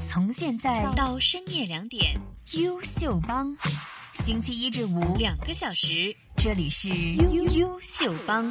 從現在到深夜兩點，優秀幫，星期一至五兩個小時，這裏是優優秀幫。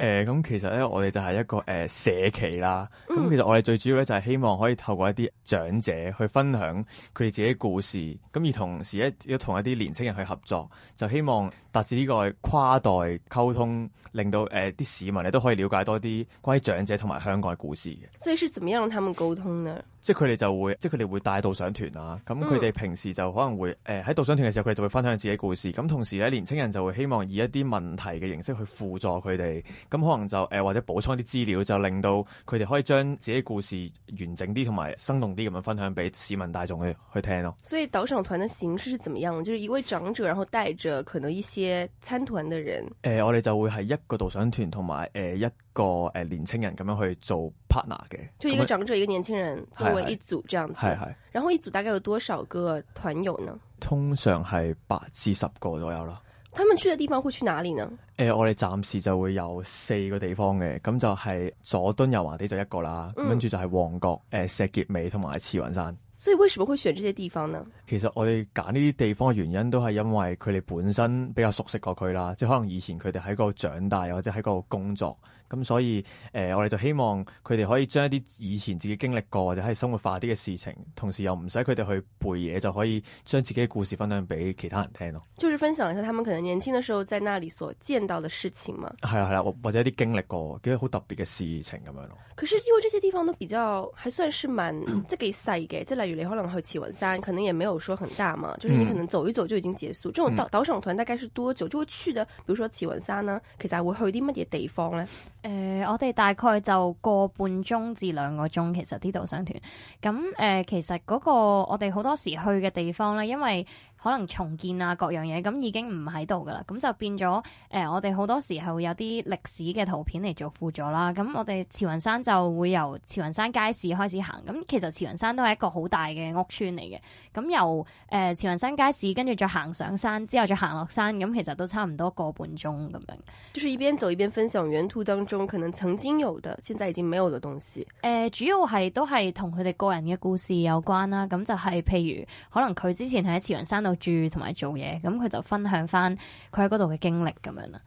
誒咁、呃、其實咧，我哋就係一個誒、呃、社企啦。咁、嗯、其實我哋最主要咧就係希望可以透過一啲長者去分享佢哋自己嘅故事，咁而同時要一要同一啲年青人去合作，就希望達至呢個跨代溝通，令到誒啲、呃、市民咧都可以了解多啲關於長者同埋香港嘅故事嘅。所以是怎麼樣同他們溝通呢？即係佢哋就會，即係佢哋會帶導賞團啊。咁佢哋平時就可能會，誒、呃，喺導賞團嘅時候，佢哋就會分享自己故事。咁同時咧，年青人就會希望以一啲問題嘅形式去輔助佢哋。咁可能就，誒、呃、或者補充啲資料，就令到佢哋可以將自己故事完整啲同埋生動啲咁樣分享俾市民大眾去去聽咯、啊。所以導賞團嘅形式係怎麼樣？就係一位長者，然後帶着可能一些參團嘅人。誒、呃，我哋就會係一個導賞團，同埋誒一。一個誒，年青人，咁樣去做 partner 嘅，就一個長者，那一個年輕人是，是作為一組，這樣係是然後一組大概有多少個團友呢？通常係八至十個左右啦。他們去嘅地方會去哪裡呢？誒、呃，我哋暫時就會有四個地方嘅，咁就係佐敦、油麻地就一個啦，跟住、嗯、就係旺角、誒、呃、石硖尾同埋慈雲山。所以為什麼會選這些地方呢？其實我哋揀呢啲地方嘅原因都係因為佢哋本身比較熟悉過佢啦，即係可能以前佢哋喺嗰度長大，或者喺嗰度工作。咁、嗯、所以誒、呃，我哋就希望佢哋可以將一啲以前自己經歷過或者係生活化啲嘅事情，同時又唔使佢哋去背嘢，就可以將自己嘅故事分享俾其他人聽咯。就是分享一下，他們可能年輕嘅時候，在那裡所見到嘅事情嘛。係啊係啊，嗯、或者一啲經歷過，幾好特別嘅事情咁樣咯。可是因為這些地方都比較，還算是蠻，即係幾細嘅，即係例如你可能去慈雲山，可能也沒有說很大嘛，就是你可能走一走就已經結束。嗯、這種導導賞團大概是多久？就會去的，比如說慈雲山啦，其實會去啲乜嘢地方咧？誒、呃，我哋大概就個半鐘至兩個鐘，其實啲導賞團。咁誒、呃，其實嗰個我哋好多時去嘅地方咧，因為。可能重建啊，各樣嘢咁已經唔喺度噶啦，咁就變咗誒、呃、我哋好多時候有啲歷史嘅圖片嚟做輔助啦。咁我哋慈雲山就會由慈雲山街市開始行，咁其實慈雲山都係一個好大嘅屋邨嚟嘅。咁由誒、呃、慈雲山街市跟住再行上山，之後再行落山，咁其實都差唔多個半鐘咁樣，就是一邊走一邊分享沿途當中可能曾經有的，現在已經沒有嘅東西。誒、呃、主要係都係同佢哋個人嘅故事有關啦。咁就係譬如可能佢之前喺慈雲山住同埋做嘢，咁佢就分享翻佢喺嗰度嘅經歷咁樣啦。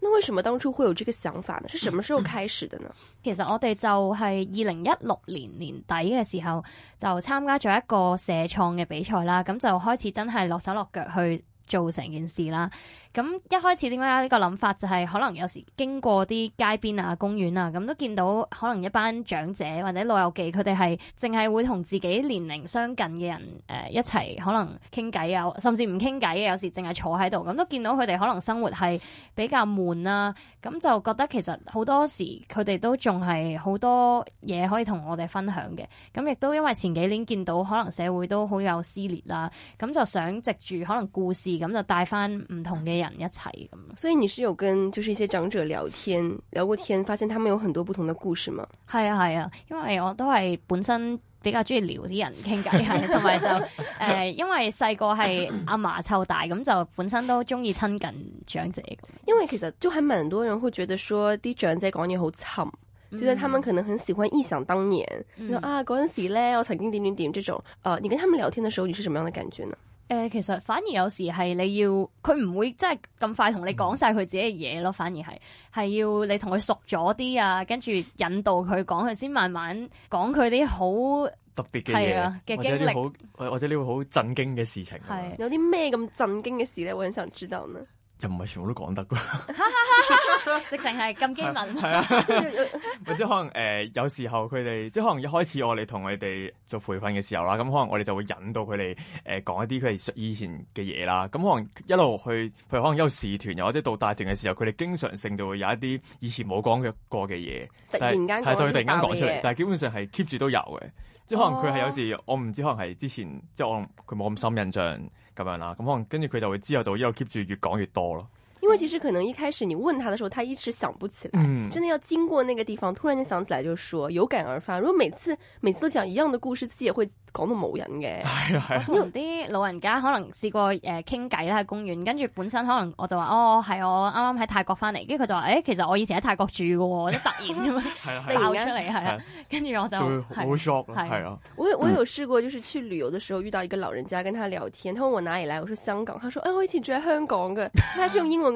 那為什麼當初會有這個想法呢？是什麼時候開始的呢？嗯，嗯。其實我哋就係二零一六年年底嘅時候，就參加咗一個社創嘅比賽啦，咁就開始真係落手落腳去做成件事啦。咁一開始點解有呢個諗法就係，可能有時經過啲街邊啊、公園啊，咁都見到可能一班長者或者老友記佢哋係淨係會同自己年齡相近嘅人誒、呃、一齊可能傾偈啊，甚至唔傾偈嘅，有時淨係坐喺度，咁都見到佢哋可能生活係比較悶啦、啊。咁就覺得其實好多時佢哋都仲係好多嘢可以同我哋分享嘅。咁亦都因為前幾年見到可能社會都好有撕裂啦、啊，咁就想藉住可能故事咁就帶翻唔同嘅人、嗯。人一齊咁，所以你是有跟就是一些長者聊天，聊過天，發現他們有很多不同的故事嗎？係啊，係啊，因為我都係本身比較中意撩啲人傾偈，同埋 就誒，呃、 因為細個係阿嫲湊大，咁就本身都中意親近長者。 因為其實就還蠻多人會覺得說啲長者講嘢好沉，嗯、覺得他們可能很喜歡憶想當年，嗯、啊嗰陣時咧，我曾經點點點。這種，誒、呃，你跟他們聊天的時候，你是什麼樣的感覺呢？誒、呃，其實反而有時係你要佢唔會真係咁快同你講晒佢自己嘅嘢咯，嗯、反而係係要你同佢熟咗啲啊，跟住引導佢講佢先慢慢講佢啲好特別嘅嘢嘅經歷，或者呢個好震驚嘅事情，啊。係、啊、有啲咩咁震驚嘅事咧？我很想知道呢。又唔係全部都講得㗎，直情係咁驚文。係啊，即係可能誒、呃，有時候佢哋，即係可能一開始我哋同佢哋做培訓嘅時候啦，咁可能我哋就會引導佢哋誒講一啲佢哋以前嘅嘢啦。咁可能一路去，譬如可能有時事團，或者到大城嘅時候，佢哋經常性就會有一啲以前冇講過嘅嘢。突然間係就佢突然間講出嚟，但係基本上係 keep 住都有嘅。即係可能佢係有時，噢 有時，我唔知可能係之前，即係我佢冇咁深印象。哦 咁樣啦，咁可能跟住佢就會之後就會一路 keep 住越講越多咯。因為其實可能一開始你問他的時候，他一時想不起來。真的要經過那個地方，突然間想起來就說有感而發。如果每次每次都講一樣的故事，自己也會講到冇人嘅。係啊係。我同啲老人家可能試過誒傾偈啦，喺、呃、公園，跟住本身可能我就話哦，係我啱啱喺泰國翻嚟，跟住佢就話誒、哎，其實我以前喺泰國住嘅，或者突然咁樣係啊，爆出嚟係啊，跟住、啊、 我就會 好、啊 啊、我，我有試過，就是去旅遊嘅時候遇到一個老人家跟他聊天，他問我哪裏來，我說香港，他說、哎、我以前住喺香港嘅，他是用英文。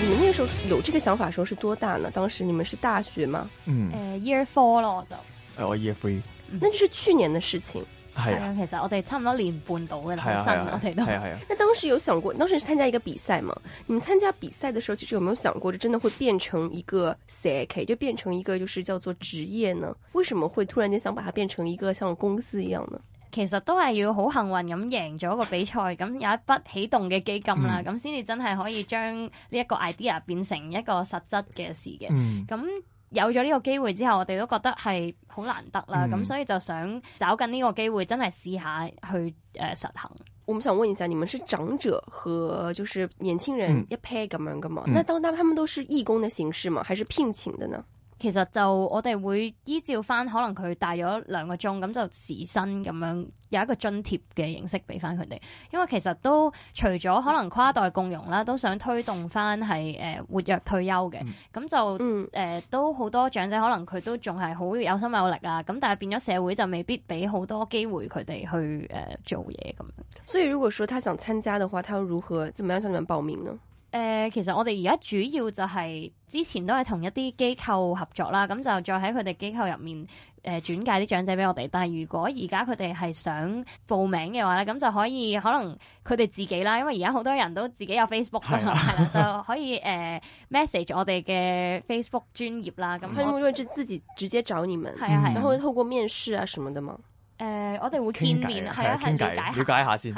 你們那個時候有這個想法的時候是多大呢？當時你們是大學嗎？嗯，呃、啊、y e a r four 了我就，哦、我 y e a r three，那就是去年的事情。是、嗯、啊， 嗯、 yeah, 其實我哋差唔多年半到嘅人生，yeah, 了 yeah, yeah, 我哋都係、yeah, yeah, yeah. 那當時有想過，當時是參加一個比賽嗎？你們參加比賽的時候，其實有沒有想過，這真的會變成一個社會，就變成一個就是叫做職業呢？為什麼會突然間想把它變成一個像公司一樣呢？其實都係要好幸運咁贏咗個比賽，咁有一筆啟動嘅基金啦，咁先至真係可以將呢一個 idea 變成一個實質嘅事嘅。咁、嗯、有咗呢個機會之後，我哋都覺得係好難得啦，咁、嗯、所以就想找緊呢個機會，真係試下去誒實行。我們想問一下，你們是長者和就是年輕人一 pair 咁樣噶嘛？嗯、那當當他們都是義工的形式嘛，還是聘請的呢？其實就我哋會依照翻可能佢大咗兩個鐘，咁就時薪咁樣有一個津貼嘅形式俾翻佢哋。因為其實都除咗可能跨代共融啦，都想推動翻係誒活躍退休嘅。咁、嗯、就誒、呃、都好多長者可能佢都仲係好有心有力啊。咁但係變咗社會就未必俾好多機會佢哋去誒、呃、做嘢咁樣。所以如果說他想參加的話，他又如何，怎麼樣才能報名呢？誒、呃，其實我哋而家主要就係之前都係同一啲機構合作啦，咁就再喺佢哋機構入面誒轉、呃、介啲長者俾我哋。但係如果而家佢哋係想報名嘅話咧，咁就可以可能佢哋自己啦，因為而家好多人都自己有 Facebook 係啦是、啊 啊，就可以誒、呃、message 我哋嘅 Facebook 專頁啦。咁、 嗯，佢哋會自己直接找你們，係啊係，然後透過面試啊什麼的嘛。誒，我哋會見面啊，係啊，係了解，了解下先。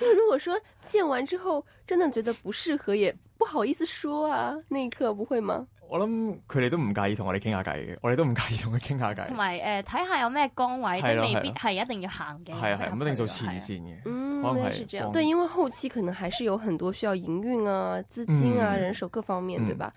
因為如果說見完之後，真的覺得不適合，也不好意思說啊。那一刻不會嗎？我諗佢哋都唔介意同我哋傾下偈嘅，我哋都唔介意同佢傾下偈。同埋誒，睇下有咩崗位，即未必係一定要行嘅，係，係唔一定做前線嘅。嗯，確實是咁樣。對，因為後期可能還是有很多需要營運啊、資金啊、人手各方面，對吧？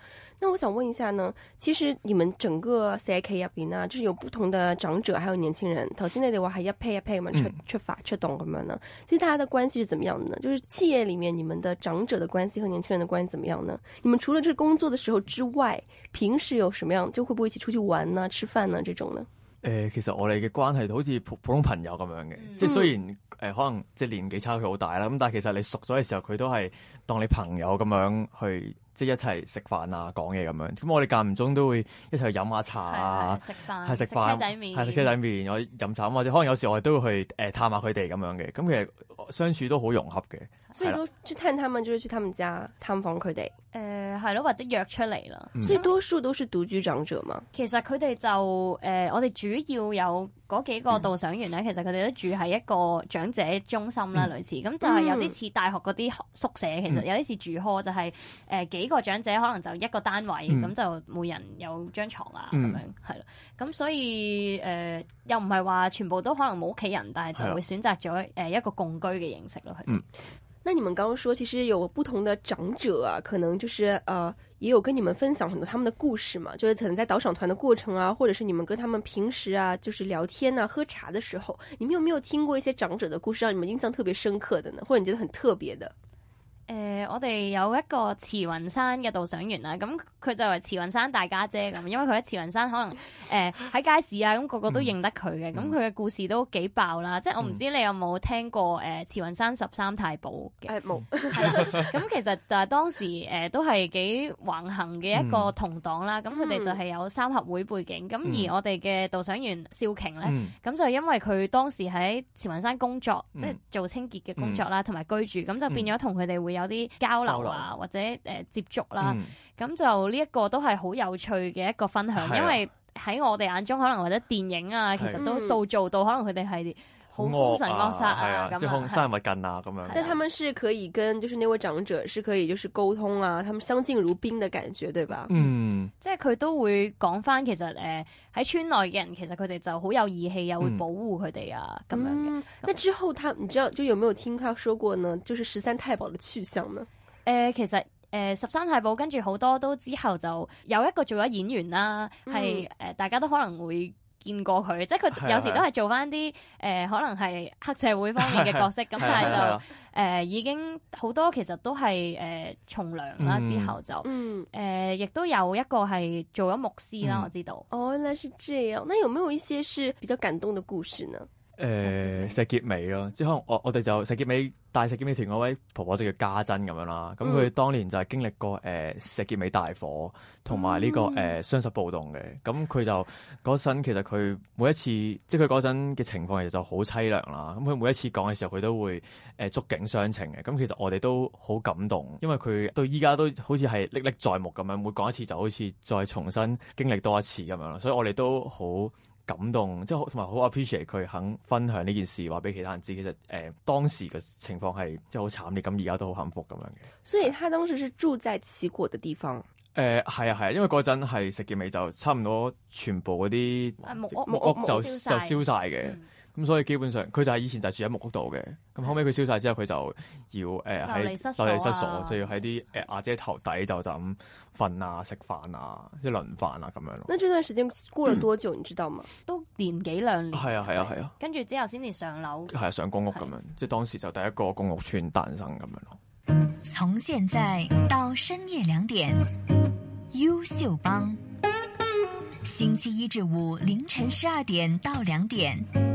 那我想問一下呢，其實你們整個 C.I.K 入邊啊，就是有不同的長者，還有年輕人，頭先嘅話係一配一配嘛，出出法出懂咁樣呢？其實大家的關係是怎麼樣的呢？就是企業裏面你們的長者的關係和年輕人的關係怎麼樣呢？你們除了是工作的時候之外，平時有什麼樣就會不會一起出去玩呢、吃飯呢這種呢？誒、呃，其實我哋嘅關係都好似普普通朋友咁樣嘅，嗯、即雖然、呃、可能即係年紀差距好大啦，咁但其實你熟咗嘅時候，佢都係當你朋友咁樣去。即係一齊食飯啊、講嘢咁樣，咁我哋間唔中都會一齊去飲下茶啊，食的飯，係食飯，係食車仔麵，係食車仔麵，我飲茶，或者可能有時我哋都會去誒探下佢哋咁樣嘅。咁其實相處都好融洽嘅，所以都中意聽探問住，都探唔知啊探訪佢哋。誒、嗯，係咯，或者約出嚟啦。所以多數都是獨居長者嘛、嗯。其實佢哋就誒、呃，我哋主要有嗰幾個導賞員咧。其實佢哋都住喺一個長者中心啦，類似咁、嗯嗯、就係有啲似大學嗰啲宿舍。其實有啲似住 hall 就係、是、誒、呃、幾。幾個長者可能就一個單位，咁、嗯、就每人有張床啊，咁、嗯、樣係咯。咁所以誒、呃，又唔係話全部都可能冇屋企人，但係就會選擇咗誒、嗯呃、一個共居嘅形式咯。嗯。那你們剛剛說，其實有不同的長者啊，可能就是誒、呃，也有跟你們分享很多他們的故事嘛。就是可能在導賞團的過程啊，或者是你們跟他們平時啊，就是聊天啊、喝茶的時候，你們有沒有聽過一些長者的故事，讓你們印象特別深刻的呢？或者你覺得很特別的？誒、呃，我哋有一個慈雲山嘅導賞員啦，咁佢就係慈雲山大家姐咁，no, 因為佢喺慈雲山可能誒喺、呃、街市啊，咁個個都認得佢嘅，咁佢嘅故事都幾、嗯 mm hmm、爆啦，即係我唔知你有冇聽過誒、呃、慈雲山十三太保嘅，係冇、mm，咁、hmm 嗯嗯嗯、其實就係當時誒、呃、都係幾橫行嘅一個同黨啦，咁佢哋就係有三合會背景，咁而我哋嘅導賞員少瓊呢，咁、嗯嗯嗯、就因為佢當時喺慈雲山工作，即係做清潔嘅工作啦，同埋居住，咁就變咗同佢哋會。有啲交流啊，或者誒、呃、接觸啦、啊，咁、嗯、就呢一個都係好有趣嘅一個分享，嗯、因為喺我哋眼中，可能或者電影啊，嗯、其實都塑造到可能佢哋係。好阿，係啊，即係紅山唔係近啊，咁樣。即係佢們是可以跟，就是呢位長者是可以，就是溝通啊，他們相敬如賓嘅感覺，對吧？嗯，即係佢都會講翻，其實誒喺、呃、村內嘅人，其實佢哋就好有義氣，又會保護佢哋啊，咁、嗯、樣嘅。咁、嗯、之後，他唔知道，就有冇有聽他說過呢？就是十三太保嘅去向呢？誒、嗯嗯嗯嗯嗯嗯，其實誒、嗯，十三太保跟住好多都之，之後就有一個做咗演員啦、啊，係誒、呃，大家都可能會，見過佢，即係佢有時都係做翻啲誒，可能係黑社會方面嘅角色咁， 但係就誒、呃、已經好多其實都係誒從良啦。之後就誒、 嗯呃、亦都有一個係做咗牧師啦。 我知道。哦，那是這樣。那有沒有一些是比較感動的故事呢？誒、呃，石硤尾咯，即係可能我我哋就石硤尾大石硤尾團嗰位婆婆就叫家珍咁樣啦。咁佢當年就係經歷過誒、呃、石硤尾大火，同埋呢個誒雙十暴動嘅。咁佢就嗰陣其實佢每一次，即係佢嗰陣嘅情況其實就好淒涼啦。咁佢每一次講嘅時候，佢都會誒觸景傷情嘅。咁其實我哋都好感動，因為佢到依家都好似係歷歷在目咁樣，每講一次就好似再重新經歷多一次咁樣。所以我哋都好。感動，即係同埋好 appreciate 佢肯分享呢件事，話俾其他人知。其實誒、呃、當時嘅情況係即係好慘烈，咁而家都好幸福咁樣嘅。所以，他當時是住在起火的地方，誒係、呃、啊係啊，啊，因為嗰陣係食完未就差唔多全部嗰啲、啊、木屋木屋就木屋燒就燒晒嘅。嗯。咁、嗯、所以基本上，佢就係以前就住喺木屋度嘅。咁後尾佢燒晒之後，佢就要誒喺流離失所，啊，就要喺啲誒阿姐頭底就咁瞓啊、食飯啊、即係輪飯啊咁樣咯。咁呢段時間過咗多久，唔知道嘛，都年幾兩年。係啊係啊係啊。啊啊吧跟住之後先至上樓。係啊，上公屋咁樣，啊、即係當時就第一個公屋邨誕生咁樣咯。從現在到深夜兩點，優秀幫，星期一至五凌晨十二點到兩點。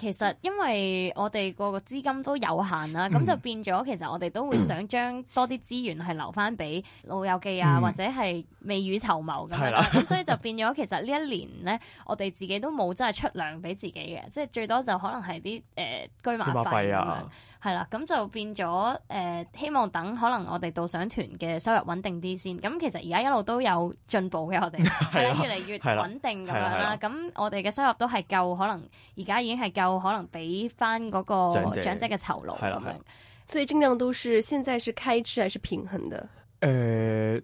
其實因為我哋個個資金都有限啦，咁、嗯、就變咗其實我哋都會想將多啲資源係留翻俾老友記啊，嗯、或者係未雨綢繆咁樣。啦，咁所以就變咗其實呢一年咧， 我哋自己都冇真係出糧俾自己嘅，即係最多就可能係啲誒居馬費咁係啦，咁就變咗誒，希望等可能我哋導賞團嘅收入穩定啲先。咁其實而家一路都有進步嘅，我哋係啦，越嚟越穩定咁樣啦。咁我哋嘅收入都係夠，可能而家已經係夠，可能俾翻嗰個長者嘅酬勞咁樣。所以盡量都是，現在是開支還是平衡的？誒，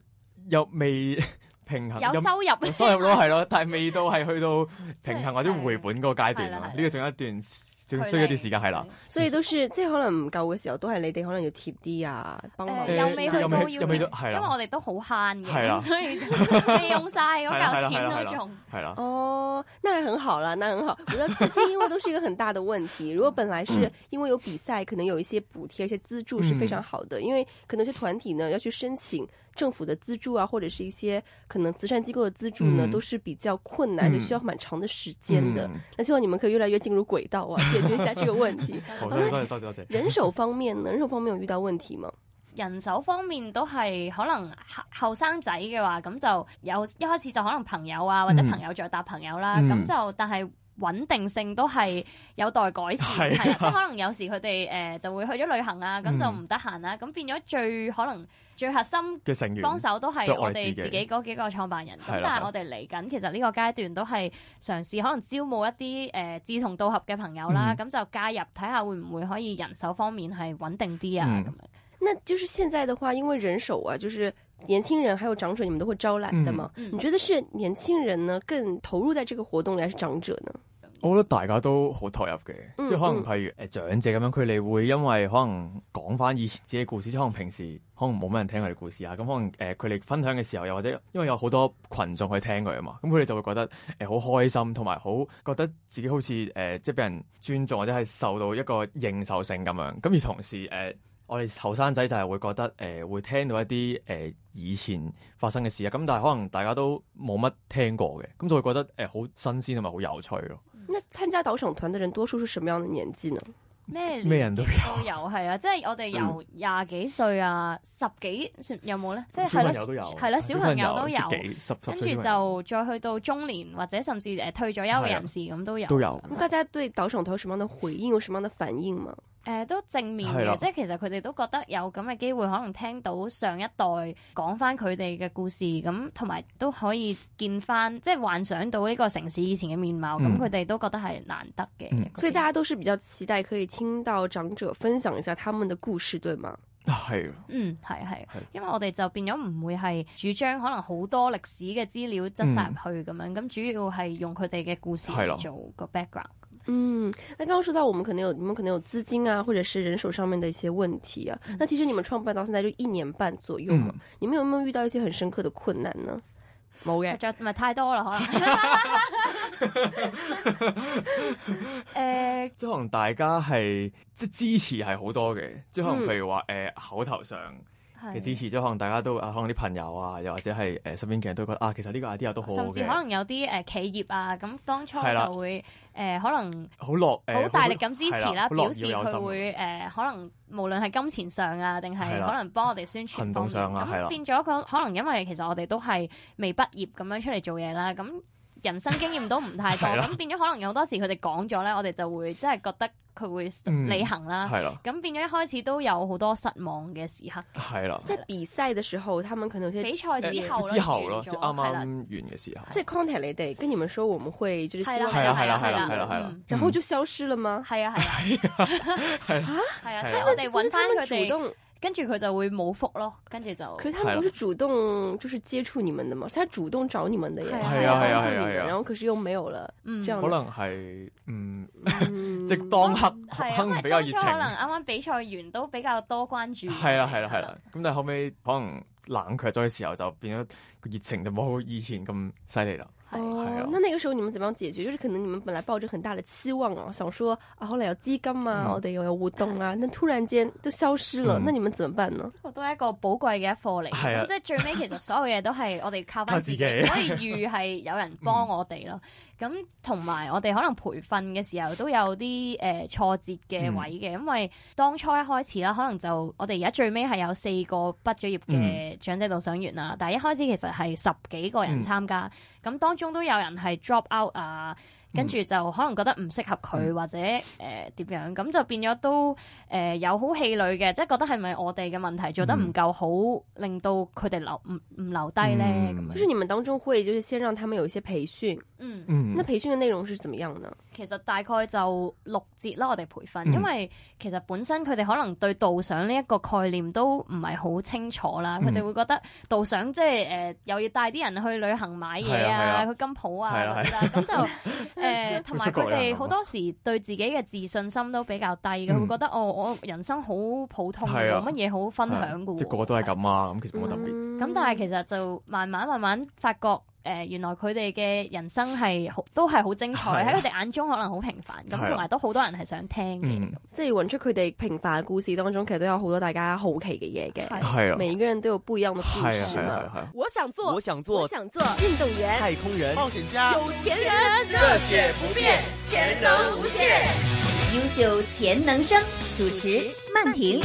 又未平衡，有收入，收入咯係咯，但係未到係去到平衡或者回本嗰個階段啦。呢個仲有一段。仲要需要一啲時間係啦，所以都係即係可能唔夠嘅時候，都係你哋可能要貼啲啊，幫我，誒，又未去到要，因為我哋都好慳嘅，係啦，所以就未用晒。我夠錢嗰種。啦。哦，那也很好啦，那很好。我覺得資金因為都是一個很大的問題。如果本來是因為有比賽，可能有一些補貼、一些資助是非常好的。因為可能啲團體呢要去申請政府的資助啊，或者是一些可能慈善機構的資助呢，都是比較困難，就需要蠻長嘅時間的。那希望你們可以越來越進入軌道啊。解決一下這個問題。人手方面呢，人手方面有遇到問題嗎？ 人手方面都係可能後後生仔嘅話，咁就有一開始就可能朋友啊或者朋友再搭朋友啦，咁、嗯、就但係。穩定性都係有待改善，係、啊啊、可能有時佢哋誒就會去咗旅行啊，咁、嗯、就唔得閒啦，咁變咗最可能最核心嘅成員幫手都係我哋自己嗰幾個創辦人。咁、啊、但係我哋嚟緊其實呢個階段都係嘗試可能招募一啲誒、呃、志同道合嘅朋友啦，咁、嗯、就加入睇下會唔會可以人手方面係穩定啲啊咁樣。嗯、那就是現在的話，因為人手啊，就是。年輕人還有長者，你們都會招攬的嘛？嗯、你覺得是年輕人呢更投入在這個活動裏，還是長者呢？我覺得大家都好投入嘅，嗯、即係可能譬如誒、嗯呃、長者咁樣，佢哋會因為可能講翻以前自己故事，即可能平時可能冇咩人聽佢哋故事啊，咁可能誒佢哋分享嘅時候，又或者因為有好多群眾去聽佢啊嘛，咁佢哋就會覺得誒好、呃、開心，同埋好覺得自己好似誒、呃、即係俾人尊重或者係受到一個認受性咁樣，咁而同時誒。呃呃我哋後生仔就係會覺得，誒，會聽到一啲誒以前發生嘅事啊，咁但係可能大家都冇乜聽過嘅，咁就會覺得誒好新鮮同埋好有趣咯。那參加導賞團的人多數出什麼樣嘅年紀呢？咩咩人都有，都有係啊，即係我哋由廿幾歲啊，十幾，有冇咧？即係小朋友都有，係啦，小朋友都有。跟住就再去到中年或者甚至誒退咗休嘅人士咁都有。都有。大家對導賞團有什麼樣嘅回應，有什麼樣嘅反應嘛？誒、呃、都正面嘅，的即係其實佢哋都覺得有咁嘅機會，可能聽到上一代講翻佢哋嘅故事，咁同埋都可以見翻，即係幻想到呢個城市以前嘅面貌，咁佢哋都覺得係難得嘅，嗯、所以大家都是比較期待可以聽到長者分享一下他們的故事，對嗎？係咯，嗯，係係，因為我哋就變咗唔會係主張可能好多歷史嘅資料執晒入去咁樣，咁、嗯、主要係用佢哋嘅故事做個 background。嗯，那剛剛說到我們可能有，你們可能有資金啊，或者是人手上面的一些問題啊，嗯、那其實你們創辦到現在就一年半左右嘛、啊。嗯、你們有沒有遇到一些很深刻的困難呢？冇嘅，沒實在唔係太多啦，可能。誒，即係可能大家係即係支持係好多嘅，即係可能譬如話誒、mm. 呃、口頭上嘅支持，即係可能大家都啊，可能啲朋友啊，又或者係誒身邊嘅人都覺得啊，其實呢個 idea 都好。甚至可能有啲誒、呃、企業啊，咁當初就會。誒、呃、可能好落，好大力咁支持啦，嗯、表示佢會誒、嗯呃、可能無論係金錢上啊，定係可能幫我哋宣傳方面咁，啊、變咗個、嗯、可能，因為其實我哋都係未畢業咁樣出嚟做嘢啦，咁。人生經驗都唔太多，咁變咗可能有好多時佢哋講咗咧，我哋就會即係覺得佢會履行啦。咁變咗一開始都有好多失望嘅時刻。係啦。即係比賽嘅時候，他們可能先。比賽之後啦。之後咯，啱啱完嘅時候。即係 contact 你哋，跟你們說，我們會就是。係啦，係然後就消失咗嘛？係啊係啊。係啊。係啊，即係我哋揾翻佢哋。跟住佢就會冇福咯，跟住就。佢是佢唔係主動，就是接觸你們嘅嘛，佢係主動找你們嘅，係啊，幫啊。你們、啊，啊啊、然後可是又冇有了。嗯、可能係嗯，嗯 即當刻、嗯、比較熱情。可能啱啱比賽完都比較多關注。係啦係啦係啦，咁、啊啊啊啊、但係後尾可能冷卻咗嘅時候就變咗個熱情就冇以前咁犀利啦。哦，那那個時候你們怎麼樣解決？就是可能你們本來抱着很大的期望哦、啊，想說啊，後來有資金啊，嗯、我哋又有活動啊，但突然間都消失了。嗯、那你們怎麼辦呢？都係一個寶貴嘅一課嚟，是啊、即係最尾其實所有嘢都係我哋靠翻自， 自己，可以預係有人幫我哋咯。咁同埋我哋可能培訓嘅時候都有啲誒、呃、挫折嘅位嘅，因為當初一開始啦，可能就我哋而家最尾係有四個畢咗業嘅長者導賞員啊，嗯、但係一開始其實係十幾個人參加，咁、嗯嗯、當中都有人係 drop out 啊，跟住就可能覺得唔適合佢、嗯、或者誒點、呃、樣，咁就變咗都誒、呃、有好氣餒嘅，即係覺得係咪我哋嘅問題、嗯、做得唔夠好，令到佢哋留唔唔留低咧？嗯、就是你們當中會就是先讓他們有一些培訓嗯，咁啲培訓嘅內容係點樣呢？其實大概就六節啦，我哋培訓，因為其實本身佢哋可能對導賞呢一個概念都唔係好清楚啦，佢哋會覺得導賞即係誒又要帶啲人去旅行買嘢啊，去金鋪啊嗰啲啦，咁就誒同埋佢哋好多時對自己嘅自信心都比較低嘅，會覺得我我人生好普通，冇乜嘢好分享嘅，即係個個都係咁啊，咁其實冇特別。咁但係其實就慢慢慢慢發覺。誒原來佢哋嘅人生係好都係好精彩，喺佢哋眼中可能好平凡，咁同埋都好多人係想聽嘅，即係揾出佢哋平凡嘅故事當中，其實都有好多大家好奇嘅嘢嘅。係啊，每一個人都有不一樣嘅故事。係啊係啊係啊！我想做我想做我想做運動員、太空人、冒險家、有錢人，熱血不變，潛能無限，優秀潛能生，主持曼婷。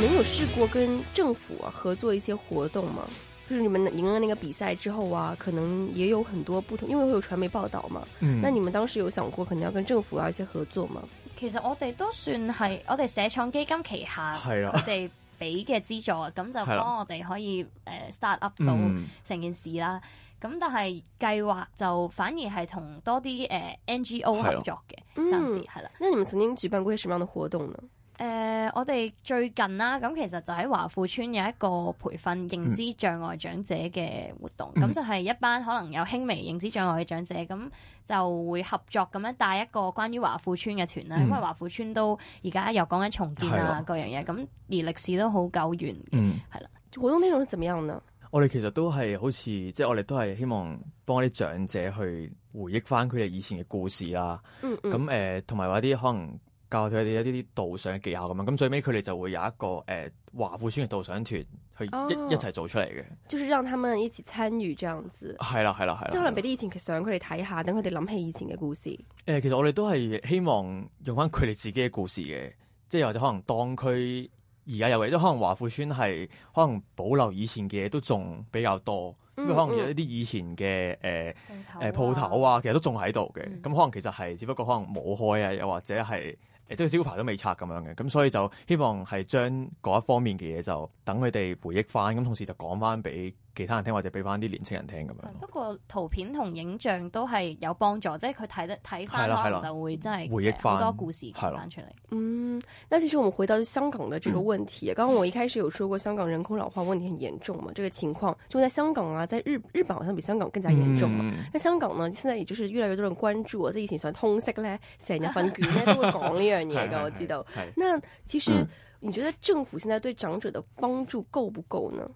你們有試過跟政府、啊、合作一些活動嗎？就是你們贏了那個比賽之後啊，可能也有很多不同，因為會有傳媒報道嘛。嗯。那你們當時有想過，可能要跟政府有、啊、一些合作嗎？其實我哋都算係我哋社創基金旗下，係啊，佢哋俾嘅資助，啊。咁就幫我哋可以誒、 呃呃、start up 到成件事啦。咁、嗯、但係計劃就反而係同多啲誒、呃、NGO 合作嘅，暫、嗯、時係啦、嗯。那你們曾經舉辦過啲什麼樣的活動呢？誒、呃，我哋最近啦、啊，咁其實就喺華富村有一個培訓認知障礙長者嘅活動，咁、嗯、就係一班可能有輕微認知障礙嘅長者，咁、嗯、就會合作咁樣帶一個關於華富村嘅團啦，嗯、因為華富村都而家又講緊重建啊、哦、各樣嘢，咁而歷史都好久遠，係啦、嗯。活動呢度都，怎樣呢？我哋其實都係好似，即係我哋都係希望幫啲長者去回憶翻佢哋以前嘅故事啦、啊。咁誒、嗯，同、嗯、埋、呃、有啲可能。教佢哋一啲啲導賞嘅技巧咁樣，咁最尾佢哋就會有一個誒、呃、華富村嘅導賞團去一、哦、一齊做出嚟嘅。就是讓他們一起參與這樣子，e 係啦，係啦，係啦。即係可能俾啲以前嘅相佢哋睇下，等佢哋諗起以前嘅故事。誒、呃，其實我哋都係希望用翻佢哋自己嘅故事嘅，即係或者可能當區而家有嘅，即可能華富村係可能保留以前嘅嘢都仲比較多，可能、嗯嗯、有一啲以前嘅誒誒鋪頭啊，其實都仲喺度嘅。咁、嗯、可能其實係，只不過可能冇開啊，又或者係。誒，即係招牌都未拆咁樣嘅，咁所以就希望係將嗰一方面嘅嘢就等佢哋回憶翻，咁同時就講翻俾。其他人聽或者俾翻啲年輕人聽咁樣。不過圖片同影像都係有幫助，即係佢睇得睇翻可能，就會真係回憶翻好多故事出嚟，嗯，那其實我們回到香港的這個問題，剛剛我一開始有說過香港人口老化問題很嚴重嘛，這個情況就在香港啊，在日日本好像比香港更加嚴重嘛。但香港呢，現在也就是越來越多人關注，我即以前想通識咧，成日份卷咧都會講呢樣嘢㗎。我知道。那其實你覺得政府現在對長者的幫助夠唔夠呢？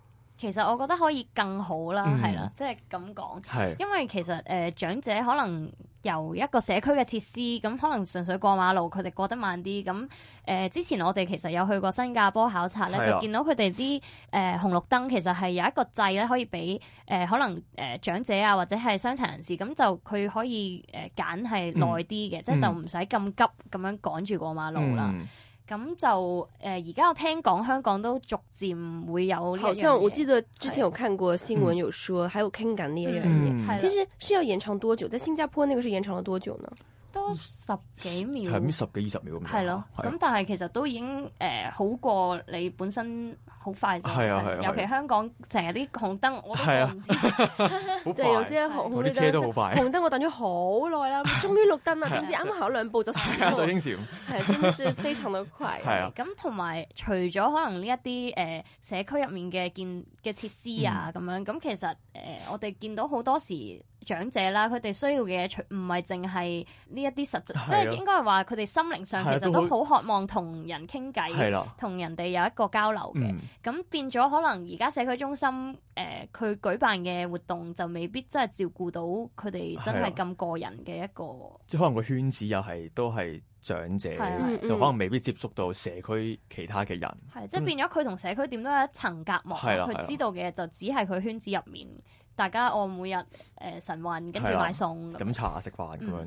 其實我覺得可以更好啦，係啦、嗯，即係咁講，因為其實誒、呃、長者可能由一個社區嘅設施，咁可能純粹過馬路，佢哋過得慢啲。咁誒、呃、之前我哋其實有去過新加坡考察咧，係啦，就見到佢哋啲誒紅綠燈其實係有一個掣，咧、呃，可以俾誒可能誒、呃、長者啊或者係傷殘人士，咁就佢可以誒揀係耐啲嘅，即、呃、係、嗯、就唔使咁急咁樣趕住過馬路啦。嗯咁就誒，呃、而家我聽講香港都逐漸會有呢樣嘢。好像我記得之前有看過新聞，有說的還有傾緊呢一樣嘢。嗯、其實是要延長多久？在新加坡那個是延長了多久呢？多十幾秒，十幾二十秒。咁係咯，咁但係其實都已經誒好過你本身好快。尤其香港成日啲紅燈，我都唔知，即係頭先好紅燈，紅燈我等咗好耐啦，終於綠燈啦，點知啱啱行兩步就死。對應少，係，真係非常之攰。咁同埋除咗可能呢一啲誒社區入面嘅建嘅設施啊，咁樣咁其實誒我哋見到好多時長者啦，佢哋需要嘅嘢，唔係淨係呢。一啲實質，即係應該係話佢哋心靈上其實都好渴望同人傾偈嘅，同人哋有一個交流嘅。咁變咗可能而家社區中心誒，佢舉辦嘅活動就未必真係照顧到佢哋真係咁個人嘅一個。即係可能個圈子又係都係長者，就可能未必接觸到社區其他嘅人。係，即係變咗佢同社區點都有一層隔膜。係佢知道嘅就只係佢圈子入面，大家我每日誒晨運，跟住買餸飲茶食飯咁樣。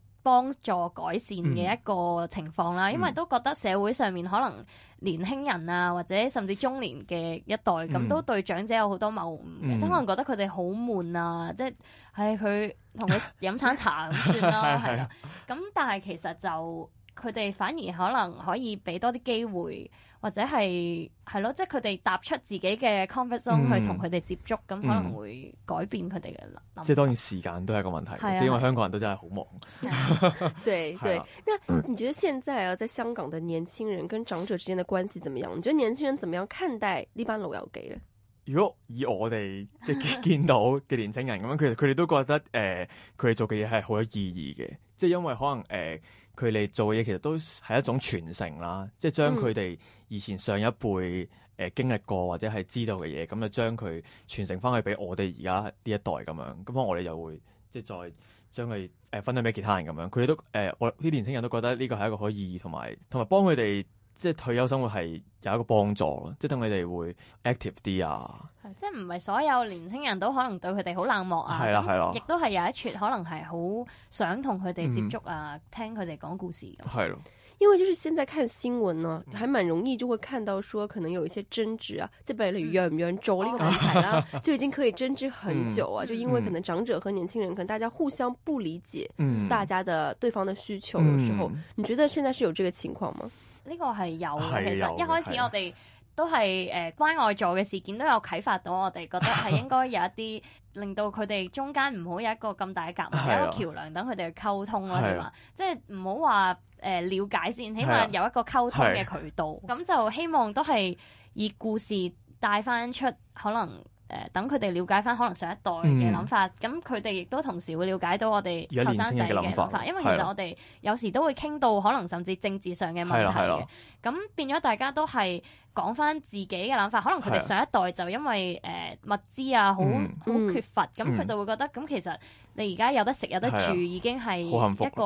幫助改善嘅一個情況啦，嗯、因為都覺得社會上面可能年輕人啊，或者甚至中年嘅一代咁，嗯、都對長者有好多謬誤，即係、嗯、覺得佢哋好悶啊，即係佢同佢飲餐茶咁 算啦，係啦， 咁但係其實就。佢哋反而可能可以俾多啲機會，或者係係咯，即係佢哋踏出自己嘅 comfort zone、嗯、去同佢哋接觸，咁可能會改變佢哋嘅。嗯嗯、即係當然時間都係個問題，啊、即因為香港人都真係好忙。對對，對 啊、對你覺得現在啊，在香港嘅年輕人跟長者之間的關係點樣？你覺得年輕人點樣看待呢班老友記咧？如果以我哋即係見到嘅年輕人咁樣，其實佢哋都覺得誒，佢哋、呃、做嘅嘢係好有意義嘅，即係因為可能誒。呃佢哋做嘅嘢其實都係一種傳承啦，即係將佢哋以前上一輩誒、呃、經歷過或者係知道嘅嘢，咁就將佢傳承翻去俾我哋而家呢一代咁樣，咁我哋就會即係再將佢誒分享俾其他人咁樣。佢哋都誒、呃，我啲年輕人都覺得呢個係一個可以同埋同埋幫佢哋。即係退休生活係有一個幫助咯，即係等佢哋會 active 啲啊。即係唔係所有年輕人都可能對佢哋好冷漠啊。係啦係啦，亦、啊、都係有一撮可能係好想同佢哋接觸啊，嗯、聽佢哋講故事。係咯、啊，因為即係現在看新聞呢，還蠻容易就會看到說可能有一些爭執啊，即係例如讓唔讓座呢個問題啦，嗯、就已經可以爭執很久啊，嗯、就因為可能長者和年輕人可能大家互相不理解大家嘅對方嘅需求，有時候、嗯、你覺得現在是有這個情況嗎？呢個係有，有其實一開始我哋都係誒、呃、關愛座嘅事件都有啟發到我哋，覺得係應該有一啲 令到佢哋中間唔好有一個咁大嘅隔膜， 有一個橋梁等佢哋去溝通咯，係嘛 吧？即係唔好話誒了解先，起碼有一個溝通嘅渠道。咁 的就希望都係以故事帶翻出可能。誒，等佢哋了解翻可能上一代嘅諗法，咁佢哋亦都同時會了解到我哋後生仔嘅諗法，因為其實我哋有時都會傾到可能甚至政治上嘅問題嘅，咁變咗大家都係講翻自己嘅諗法，可能佢哋上一代就因為誒的、呃、物資啊好好、嗯、缺乏，咁佢、嗯、就會覺得咁其實。你而家有得食有得住，已經係一個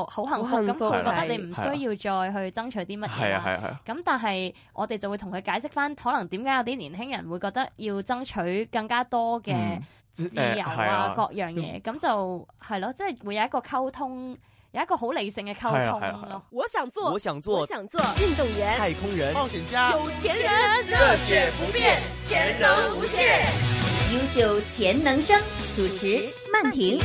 好幸福。咁佢覺得你唔需要再去爭取啲乜嘢啦。咁但係我哋就會同佢解釋翻，可能點解有啲年輕人會覺得要爭取更加多嘅自由啊，各樣嘢。咁就係咯，即係會有一個溝通，有一個好理性嘅溝通咯。我想做，我想做，我想做運動員、太空人、冒險家、有錢人，熱血不變，潛能無限，優秀潛能生，主持曼婷。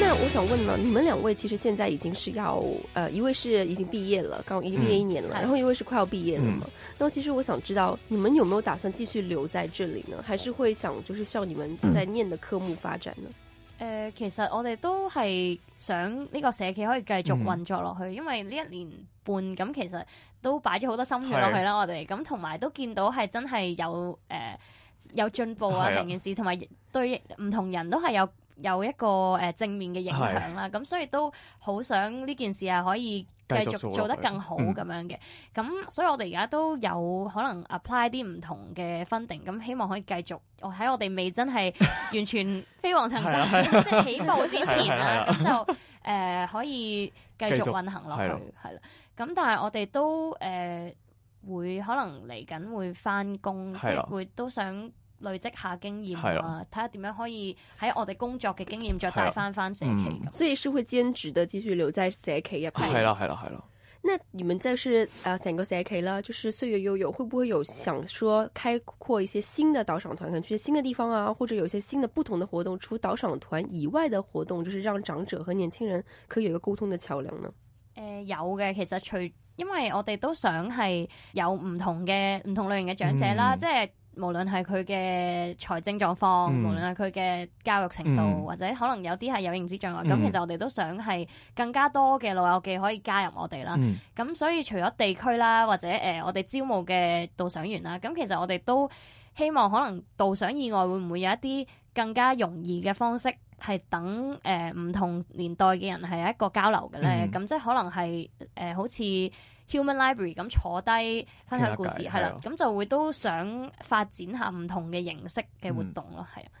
那我想問呢，你們兩位其實現在已經是要，呃，一位是已經畢業了，剛已經畢業一年了，嗯、然後一位是快要畢業了嘛？嗯、那其實我想知道，你們有沒有打算繼續留在這裏呢？還是會想就是向你們在念的科目發展呢？誒、嗯呃，其實我哋都係想呢個社企可以繼續運作落去，嗯、因為呢一年半咁其實都擺咗好多心血落去啦，我哋咁同埋都見到係真係有誒、呃、有進步啊，成件事，同埋對唔同人都係有。有一個誒、呃、正面嘅影響啦，咁的所以都好想呢件事係可以繼續做得更好咁樣嘅。咁、嗯、所以我哋而家都有可能 apply 啲唔同嘅 funding，咁希望可以繼續我喺我哋未真係完全飛黃騰達 即係起步之前啦、啊，咁就誒、呃、可以繼續運行落去，係啦。咁但係我哋都誒、呃、會可能嚟緊會翻工的，即係會都想。累積下經驗啊，睇下點樣可以喺我哋工作嘅經驗再帶翻翻社企咁。是嗯、所以係會兼職嘅繼續留在社企入邊。係啦，係啦，係啦。那你們再是啊成、uh, 個社企啦，就是歲月悠悠，會唔會有想說開闊一些新嘅導賞團，去新嘅地方啊，或者有些新嘅、不同的活動，除導賞團以外嘅活動，就是讓長者和年輕人可以有一個溝通嘅橋梁呢？誒、呃，有嘅，其實除，因為我哋都想係有唔同嘅唔同類型嘅長者啦，即係、嗯。無論係佢嘅財政狀況，嗯、無論係佢嘅教育程度，嗯、或者可能有啲係有認知障礙，咁、嗯、其實我哋都想係更加多嘅老友記可以加入我哋啦。咁、嗯、所以除咗地區啦，或者誒、呃、我哋招募嘅導賞員啦，咁其實我哋都希望可能導賞以外，會唔會有一啲更加容易嘅方式，係等誒唔同年代嘅人係一個交流嘅咧？咁、嗯、即係可能係誒、呃、好似，Human Library，咁坐低分享故事，係啦，咁就會都想發展下唔同嘅形式嘅活動咯，係啊、嗯。